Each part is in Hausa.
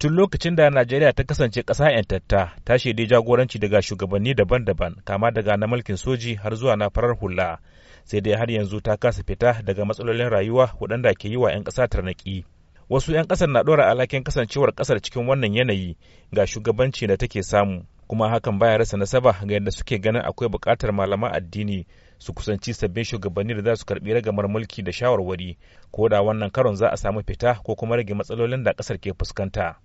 tun lokacin da najeriya ta kasance ƙasa 'yantatta ta shaidi jagoranci daga shugabanni daban-daban kama daga na mulkin soji har zuwa na farar hula sai dai har yanzu ta kasa fita daga matsalolin rayuwa waɗanda ke yi wa 'yan ƙasa tarnaki wasu 'yan ƙasar na ɗora alhakin kasancewar ƙasar cikin wannan yanayi ga shugabanci da take samu kuma hakan baya rasa nasaba ga yadda suke ganin akwai buƙatar malama addini su kusanci sabbin shugabanni da za su karɓi ragamar mulki da shawarwari ko da wannan karon za a samu fita ko kuma rage matsalolin da ƙasar ke fuskanta.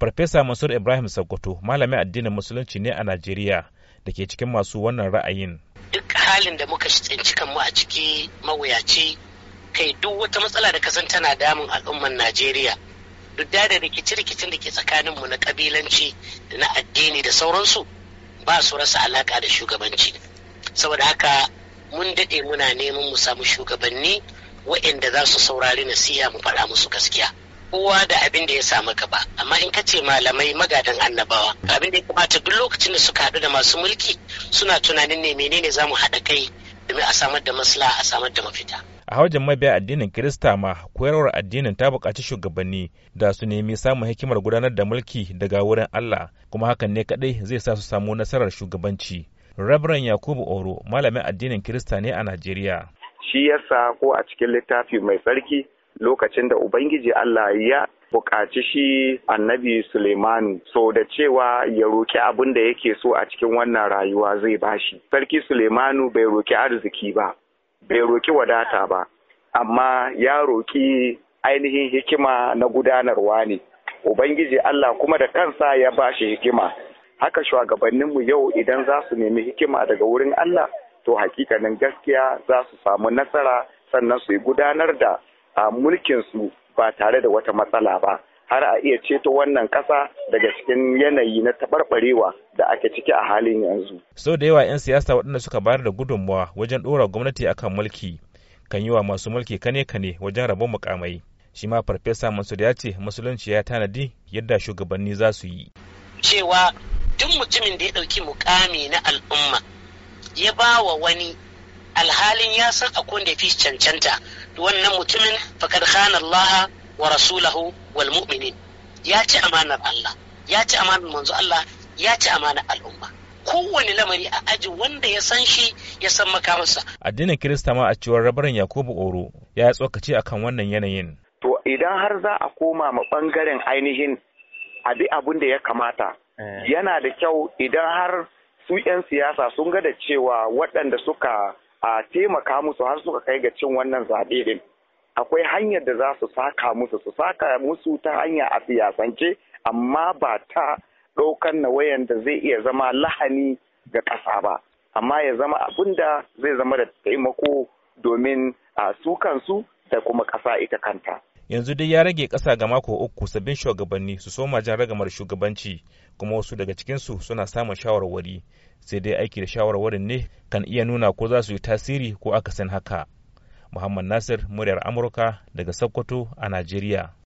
Farfesa Mansur Ibrahim Sokoto malamin addinin musulunci ne a Najeriya da ke cikin masu wannan ra'ayin. Duk halin da muka tsinci kanmu a ciki mawuyaci kai duk wata matsala da kasan tana damun al'umman Najeriya. Duk da da rikice-rikicen da ke tsakaninmu na kabilanci da na addini da sauransu ba su rasa alaka da shugabanci. Saboda haka mun daɗe muna neman mu samu shugabanni waɗanda za su saurari nasiha mu faɗa musu gaskiya. kowa da abin da ya samu gaba amma in ka ce malamai magadan annabawa abin da ya kamata duk lokacin da suka haɗu da masu mulki suna tunanin ne menene za mu haɗa kai domin a samar da masla, a samar da mafita a hawajin mabiya addinin kirista ma koyarwar addinin ta buƙaci shugabanni da su nemi samun hikimar gudanar da mulki daga wurin Allah kuma hakan ne kaɗai zai sa su samu nasarar shugabanci rabran Yakubu Oro malamin addinin kirista ne a Najeriya shi yasa ko a cikin littafi mai tsarki lokacin da Ubangiji Allah ya buƙaci shi annabi Suleimanu so da cewa ya roƙi abin da yake so a cikin wannan rayuwa zai bashi. Sarki Suleimanu bai roƙi arziki ba, bai roƙi wadata ba, amma ya roƙi ainihin hikima na gudanarwa ne. Ubangiji Allah kuma da kansa ya bashi hikima. Haka shugabanninmu yau idan za su nemi hikima daga wurin Allah, to hakikanin gaskiya za su samu nasara sannan su yi gudanar da a mulkinsu ba tare da wata matsala ba har a iya ceto wannan ƙasa daga cikin yanayi na taɓarɓarewa da ake ciki a halin yanzu. Sau da yawa 'yan siyasa waɗanda suka bayar da gudunmawa wajen ɗora gwamnati akan mulki kan yi wa masu mulki kane-kane wajen rabon mukamai. Shi ma Farfesa Mansur ya ce musulunci ya tanadi yadda shugabanni za su yi. Cewa duk mutumin da ya ɗauki mukami na al'umma ya ba wa wani alhalin ya san akwai da ya fi cancanta wannan mutumin fakad khana Allah wa rasulahu wal mu'minin ya ci amanar Allah ya ci amanar manzo Allah ya ci amanar al'umma kowane lamari a aji wanda ya san shi ya san makamansa addinin kirista ma a cewar rabaran yakubu oro ya tsokaci akan wannan yanayin to idan har za a koma ma bangaren ainihin abi abin da ya kamata eh. yana da kyau idan har su 'yan siyasa sun ga da cewa waɗanda suka a taimaka musu har suka kai ga cin wannan zaɓe din akwai hanyar da za su saka musu su saka musu ta hanya a siyasance amma ba ta ɗaukan na wayan da zai iya zama lahani ga ƙasa ba amma ya zama abin da zai zama da taimako domin su kansu da kuma ƙasa ita kanta. yanzu dai ya rage ƙasa ga mako uku sabbin shugabanni su soma jan ragamar shugabanci kuma wasu daga cikinsu suna samun shawarwari sai dai aiki da shawarwarin ne kan iya nuna ko za su yi tasiri ko aka san haka muhammad nasir muryar amurka daga sokoto a najeriya